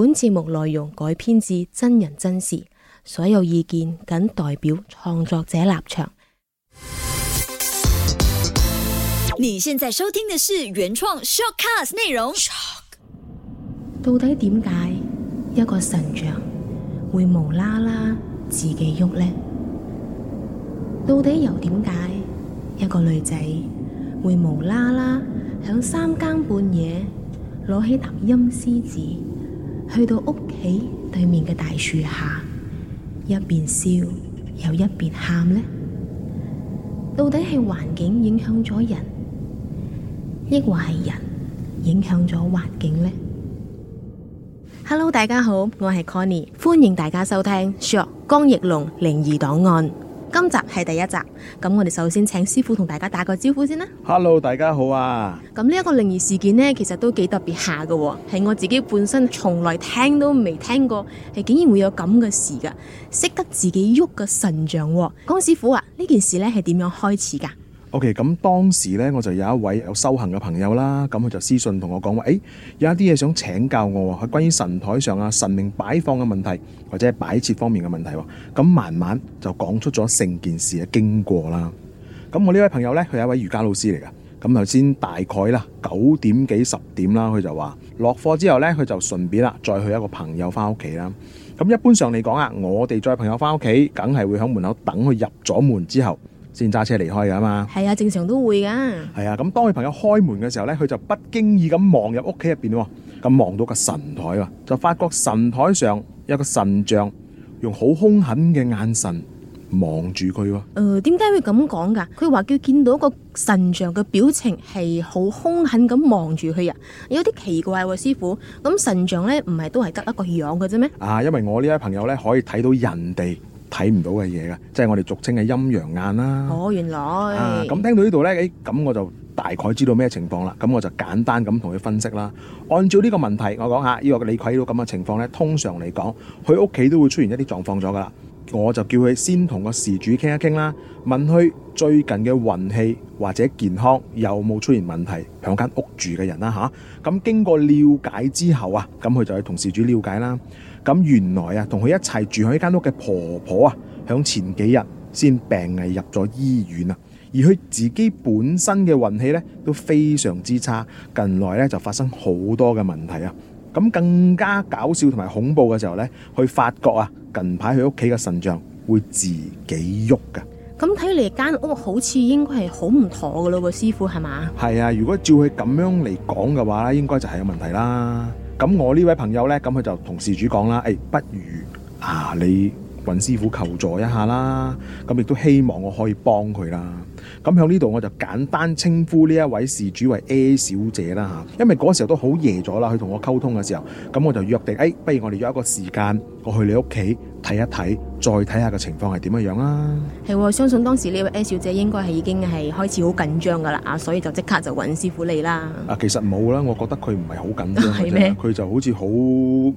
本節目內容改編自真人真事，所有意見僅代表創作者立場。你現在收聽的是原創 shortcast 內容。到底點解一個神像會無啦啦自己喐呢？到底又點解一個女仔會無啦啦響三更半夜攞起沓陰司紙？去到屋企對面嘅大樹下，一邊燒又一邊喊呢，到底係環境影響咗人，抑或係人影響咗環境呢？」Hello，大家好，我係 Connie，歡迎大家收聽《Shirt 江奕龍靈異檔案》。今集係第一集，咁我哋首先請師傅同大家打個招呼先啦。Hello，大家好啊！咁呢一個靈異事件呢，其實都幾特別下噶，係我自己本身從來聽都未聽過，係竟然會有咁嘅事噶，識得自己喐嘅神像，江師傅啊，呢件事呢係點樣開始噶？OK，咁當時咧，我就有一位有修行嘅朋友啦，咁佢就私信同我講話，誒、欸、有一啲嘢想請教我、啊，係關於神台上啊神明擺放嘅問題，或者擺設方面嘅問題、啊。咁慢慢就講出咗成件事嘅經過啦。咁我呢位朋友咧，佢係一位瑜伽老師嚟㗎。咁頭先大概啦九點幾十點啦，佢就話落課之後咧，佢就順便啦再去一個朋友返屋企啦。咁一般上嚟講啊，我哋再朋友返屋企，梗係會喺門口等佢入咗門之後，先揸車離開嘅嘛，係啊，正常都會㗎。係啊，咁當佢朋友開門嘅時候咧，佢就不經意咁望入屋企入邊喎，咁望到個神台喎，就發覺神台上有個神像，用好兇狠嘅眼神望住佢喎。誒、啊呃，點解會咁講㗎？佢話叫見到個神像嘅表情係好兇狠咁望住佢啊。有啲奇怪喎、啊，師傅。咁神像咧唔係都係得一個樣嘅啫咩？啊，因為我呢位朋友咧可以睇到人哋，睇唔到嘅嘢噶，即係我哋俗稱嘅陰陽眼啦。哦，原來咁、啊、聽到呢度呢，咁我就大概知道咩情況啦。咁我就簡單咁同佢分析啦。按照呢個問題，我講下呢、呢個離奇到咁嘅情況呢，通常嚟講，佢屋企都會出現一啲狀況咗噶啦。我就叫佢先同個事主傾一傾啦，問佢最近嘅運氣或者健康有冇出現問題，響間屋住嘅人啦吓。咁、啊、經過了解之後啊，咁佢就去同事主了解啦。咁原來啊，同佢一齊住喺一間屋嘅婆婆啊，響前幾日先病危入咗醫院啊，而佢自己本身嘅運氣咧都非常之差，近來咧就發生好多嘅問題啊。咁更加搞笑同埋恐怖嘅時候咧，佢發覺啊，近排佢屋企嘅神像會自己喐噶。咁睇嚟間屋好似應該係好唔妥噶咯，師傅係嘛？係啊，如果照佢咁樣嚟講嘅話，應該就係有問題啦。咁我呢位朋友呢，咁佢就同事主講啦，誒、欸，不如啊，你揾師傅求助一下啦，咁亦都希望我可以幫佢啦。咁喺呢度我就簡單稱呼呢一位事主為 A 小姐啦吓，因為嗰時候都好夜咗啦，佢同我溝通嘅時候，咁我就約定，誒、欸，不如我哋約一個時間，我去你屋企睇一睇。再睇下個情況係點樣樣啦。係，相信當時呢位 A 小姐應該係已經係開始好緊張噶啦，啊，所以就即刻就揾師傅你啦。啊，其實冇啦，我覺得佢唔係好緊張嘅，佢嗎就好似好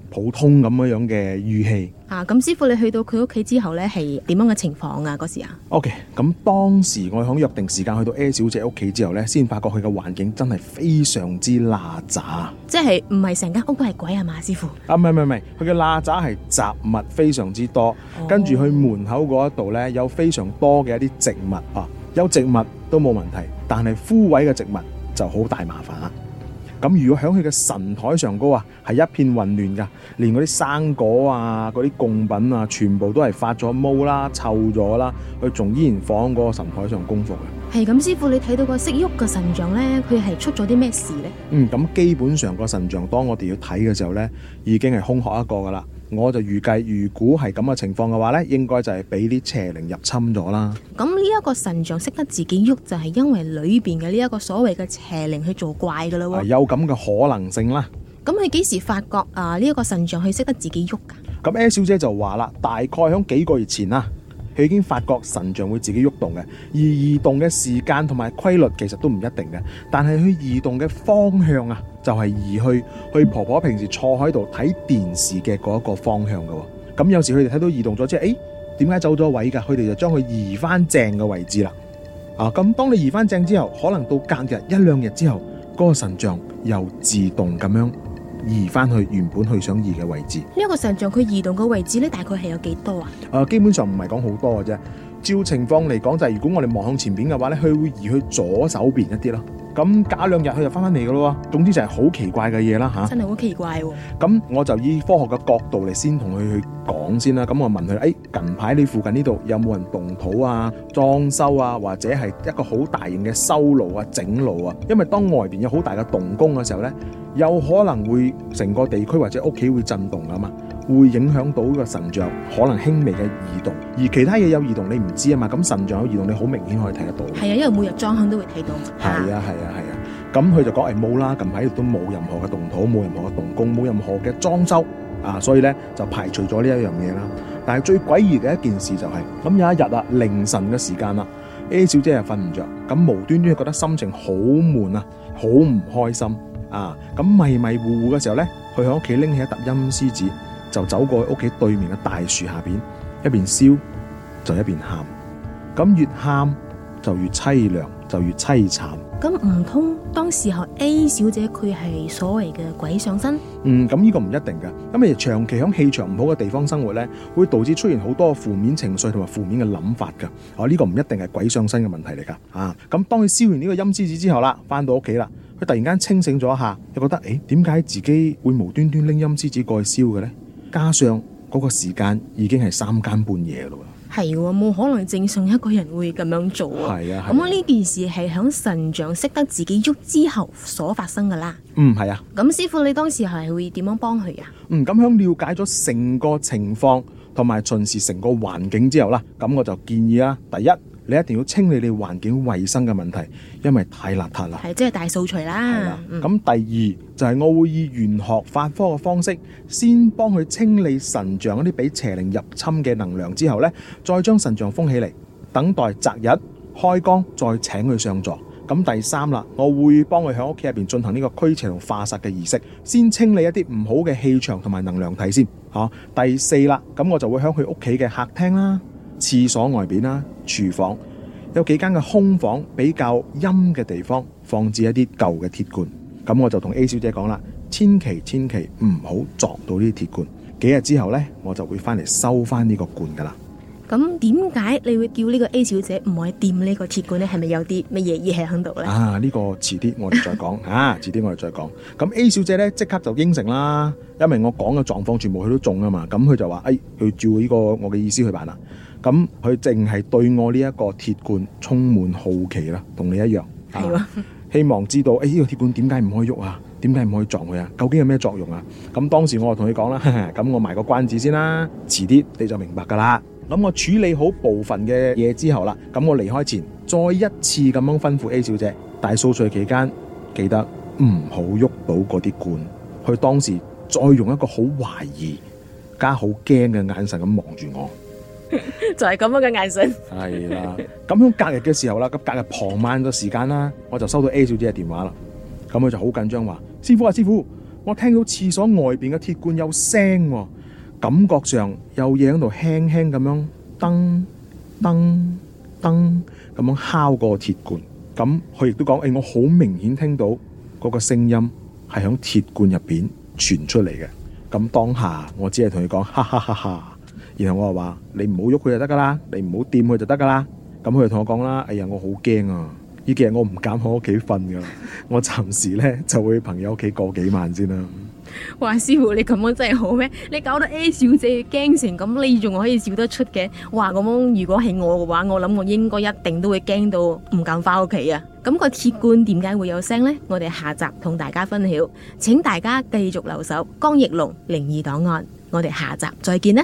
普通咁樣樣嘅語氣。啊，咁師傅你去到佢屋企之後呢係點樣嘅情況啊？嗰時啊。O K，咁當時我喺約定時間去到 A 小姐屋企之後呢，先發覺佢嘅環境真係非常之邋雜。即係唔係成間屋都係鬼係、啊、嘛，師傅？啊，唔係唔係，佢嘅邋雜係雜物非常之多。Oh. 跟住去門口嗰一度呢，有非常多嘅一啲植物啊，有植物都冇問題，但係枯萎嘅植物就好大麻煩。咁如果響佢嘅神台上高啊，係一片混亂噶，連嗰啲生果啊、嗰啲供品啊，全部都係發咗毛啦、臭咗啦，佢仲依然放喺嗰個神台上供奉嘅。係咁，師傅你睇到個識喐嘅神像呢，佢係出咗啲咩事呢？嗯，咁基本上個神像，當我哋要睇嘅時候呢，已經係空殼一個噶啦。我就預計，如果係咁嘅情況嘅話呢，應該就係俾啲邪靈入侵咗啦。咁呢一個神像識得自己喐，就係因為裏邊嘅呢一個所謂嘅邪靈去做怪噶啦喎。有咁嘅可能性啦。咁佢幾時發覺啊？呢一個神像佢識得自己喐噶？咁 A 小姐就話啦，大概響幾個月前啦。佢已經發覺神像會自己喐動嘅，而移動嘅時間同埋規律其實都唔一定嘅。但係佢移動嘅方向啊，就係移去去婆婆平時坐喺度睇電視嘅嗰一個方向嘅。咁有時佢哋睇到移動咗，之後，誒，點解走咗位噶？佢哋就將佢移翻正嘅位置啦。啊，咁當你移翻正之後，可能到隔日一兩日之後，嗰個神像又自動咁樣。移翻去原本去想移嘅位置。呢一個神像佢移動嘅位置咧，大概係有幾多啊？呃，基本上唔係講好多嘅啫。照情況嚟講，就係如果我哋望向前邊嘅話呢，佢會移去左手邊一啲咯。咁隔兩日佢就翻返嚟噶咯喎。總之就係好奇怪嘅嘢啦嚇。真係好奇怪喎！咁我就以科學嘅角度嚟先同佢去講先啦。咁我問佢：誒近排你附近呢度有冇人動土啊、裝修啊，或者係一個好大型嘅修路啊、整路啊？因為當外邊有好大嘅動工嘅時候呢，有可能會成個地區或者屋企會震動啊嘛。會影響到個神像可能輕微嘅移動，而其他嘢有移動你唔知啊嘛，咁神像有移動你好明顯可以睇得到。係啊，因為每日裝香都會睇到。係啊，係啊，係啊，咁佢、嗯、就講誒冇啦，近排都冇任何嘅動土，冇任何嘅動工，冇任何嘅裝修啊，所以咧就排除咗呢一樣嘢啦。但係最詭異嘅一件事就係、是、咁、嗯、有一日啊凌晨嘅時間啦，A 小姐又瞓唔着。咁、嗯、無端端覺得心情好悶啊，好唔開心啊，咁迷迷糊糊嘅時候咧，佢喺屋企拎起一沓陰司紙。就走過屋企對面嘅大樹下邊，一邊燒就一邊喊，咁越喊就越淒涼，就越淒慘。咁唔通當時候 A 小姐佢係所謂嘅鬼上身？嗯，咁呢個唔一定噶。咁你長期響氣場唔好嘅地方生活咧，會導致出現好多負面情緒同埋負面嘅諗法噶。哦，這個。啊，呢個唔一定係鬼上身嘅問題嚟噶。啊，咁當佢燒完呢個陰司紙之後啦，翻到屋企啦，佢突然間清醒咗一下，又覺得誒，點解自己會無端端拎陰司紙過去燒嘅咧？加上嗰個時間已經係三更半夜咯，啊，係冇可能正常一個人會咁樣做啊，啊。咁呢、啊、件事係響神像識得自己喐之後所發生噶啦。嗯，係啊。咁師傅你當時係會點樣幫佢啊？嗯，咁響了解咗成個情況同埋巡視成個環境之後啦，咁我就建議啦，第一。你一定要清理你環境衛生嘅問題，因為太邋遢啦。係，即係大掃除啦。係啦，嗯，咁第二就係我會以玄學法科嘅方式，先幫佢清理神像嗰啲俾邪靈入侵嘅能量之後呢，再將神像封起嚟，等待擇日開光再請佢上座。咁第三啦，我會幫佢喺屋企入邊進行呢個驅邪同化煞嘅儀式，先清理一啲唔好嘅氣場同埋能量體先。吓，第四啦，咁我就會喺佢屋企嘅客廳啦。廁所外邊啦，廚房有幾間嘅空房，比較陰嘅地方放置一啲舊嘅鐵罐。咁我就同 A 小姐講啦，千祈千祈唔好撞到呢啲鐵罐。幾日之後呢，我就會翻嚟收翻呢個罐噶啦。咁點解你會叫呢個 A 小姐唔可以掂呢個鐵罐呢？係咪有啲乜嘢意氣喺度呢？啊，呢、呢個遲啲我哋再講吓、 啊，遲啲我哋再講。咁 A 小姐呢，即刻就應承啦，因為我講嘅狀況全部佢都中啊嘛。咁佢就話：哎，佢照呢個我嘅意思去辦啦。咁佢淨係對我呢一個鐵罐充滿好奇啦，同你一樣，吧希望知道誒呢個鐵罐點解唔可以喐啊？點解唔可以撞佢啊？究竟有咩作用啊？咁當時我就同佢講啦，咁我埋個關子先啦，遲啲你就明白噶啦。咁我處理好部分嘅嘢之後啦，咁我離開前再一次咁樣吩咐 A 小姐，大掃除期間記得唔好喐到嗰啲罐。佢當時再用一個好懷疑加好驚嘅眼神咁望住我。 就係咁樣嘅眼神，係啦。咁樣隔日嘅時候啦，咁隔日傍晚嘅時間啦，我就收到 A 小姐嘅電話啦。咁佢就好緊張話：師傅啊，師傅，我聽到廁所外邊嘅鐵罐有聲，感覺上有嘢喺度輕輕咁樣噔噔噔咁樣敲個鐵罐。咁佢亦都講：誒，我好明顯聽到嗰個聲音係響鐵罐入邊傳出嚟嘅。咁當下我只係同佢講：哈哈哈哈。然後我話：話你唔好喐佢就得噶啦，你唔好掂佢就得噶啦。咁佢同我講啦：，哎呀，我好驚啊！呢幾日我唔敢喺屋企瞓噶，我暫時咧就會朋友屋企過幾晚先啦。哇，師傅，你咁樣真係好咩？你搞到 A 小姐驚成咁，你仲可以笑得出嘅？哇，咁樣，如果係我嘅話，我諗我應該一定都會驚到唔敢翻屋企啊。咁個鐵罐點解會有聲呢？我哋下集同大家分享，請大家繼續留守《江奕龍靈異檔案》，我哋下集再見啦！